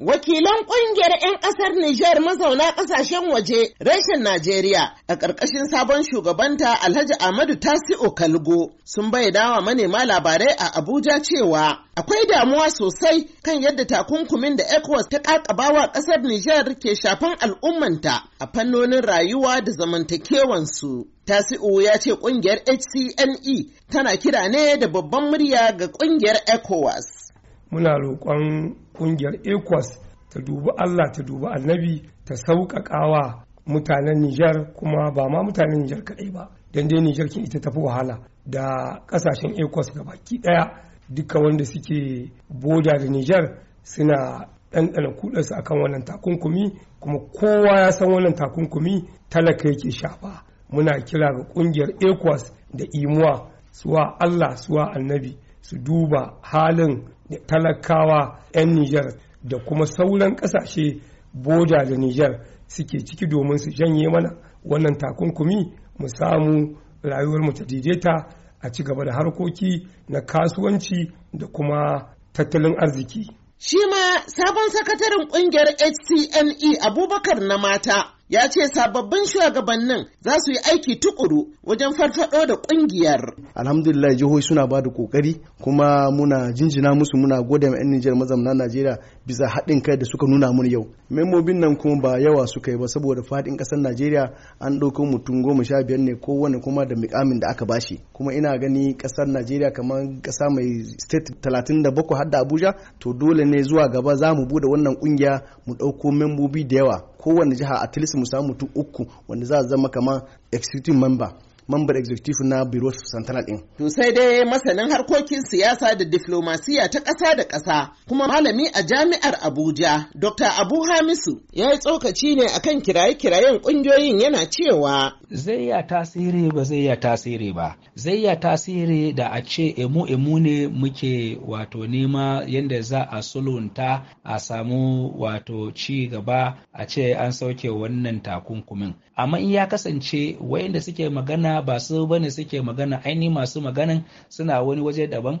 Wakilan ƙungiyar 'yan ƙasar Nijar mazauna ƙasashen waje reshen Najeriya a ƙarƙashin sabon shugabanta Alhaji Ahmadu Tasi'u Kalgo sun bayyana wa manema labarai a Abuja cewa akwai damuwa sosai kan yadda takunkumin da ECOWAS ta ƙaƙabawa ƙasar Nijar ke shafan al'ummanta a fannonin rayuwa da zamantakewansu. Tasi'u ya ce ƙungiyar HCNE tana kira ne da babban murya ga ƙungiyar ECOWAS. muna roƙon ƙungiyar ecos ta dubi allah ta dubi annabi ta sauƙaƙawa mutanen nijar kuma ba ma mutanen nijar kaɗai ba don dai nijar kin ita tafi wahala da ƙasashen ecos ga baki ɗaya duka wanda suke boda da nijar suna ɗanɗana a akan wannan takunkumi kuma kowa ya san wannan takunkumi talaka yake shafa muna kira ga ƙungiyar ecos da imuwa suwa allah suwa annabi su duba halin talakawa 'yan Nijar da kuma sauran ƙasashe boda da Nijar suke ciki domin su janye mana wannan takunkumi mu samu rayuwar mu ta daidaita a ci gaba da harkoki na kasuwanci da kuma tattalin arziki. Shi ma sabon sakataren kungiyar HCNE Abubakar na mata ya ce sababbin shugabannin za su yi aiki tukuru wajen farfado da kungiyar. Alhamdulillah jihohi suna ba da kokari kuma muna jinjina musu muna gode ma 'yan Nijar mazamna Najeriya bisa haɗin kai da suka nuna mun yau. Memobin nan kuma ba yawa suka yi ba saboda faɗin ƙasar Najeriya an ɗauko mutum goma sha biyar ne kowane kuma da mikamin da aka bashi. Kuma ina gani ƙasar Najeriya kamar ƙasa mai state talatin da bakwai har da Abuja to dole ne zuwa gaba za mu buɗe wannan ƙungiya mu ɗauko membobi da yawa kowane jiha a least mu samu mutum uku wanda za a zama kamar executive member member executive na biro central din. To sai dai masanin harkokin siyasa da diflomasiya ta ƙasa da ƙasa kuma malami a jami'ar Abuja Dr. Abu Hamisu ya yi tsokaci ne akan kiraye-kirayen ƙungiyoyin yana cewa zai ya tasiri ba zai ya tasiri ba zai ya tasiri da a ce emu emu ne muke wato nema yadda za a sulunta a samu wato ci gaba a ce an sauke wannan takunkumin amma in ya kasance wayanda suke magana ba su bane suke magana ainihin masu maganan suna wani waje daban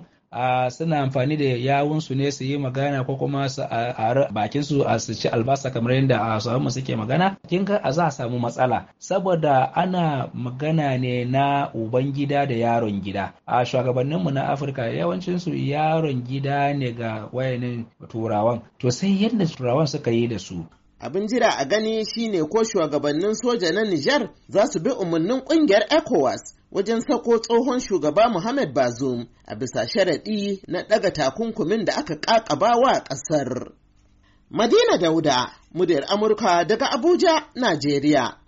suna amfani da yawunsu ne su yi magana ko kuma su a bakinsu a su ci albasa kamar yadda a samu suke magana kin ga a za a samu matsala saboda ana magana ne na uban gida da yaron gida a shugabanninmu na afirka yawancinsu yaron gida ne ga wayanin turawan to sai yadda turawan suka yi da su abin jira a gani shine ko shugabannin soja na Nijar za su bi umarnin kungiyar ECOWAS wajen sako tsohon shugaba Muhammad Bazoum a bisa sharaɗi na ɗaga takunkumin da aka ƙaƙaba wa ƙasar. Madina Dauda, muryar Amurka daga Abuja, Najeriya.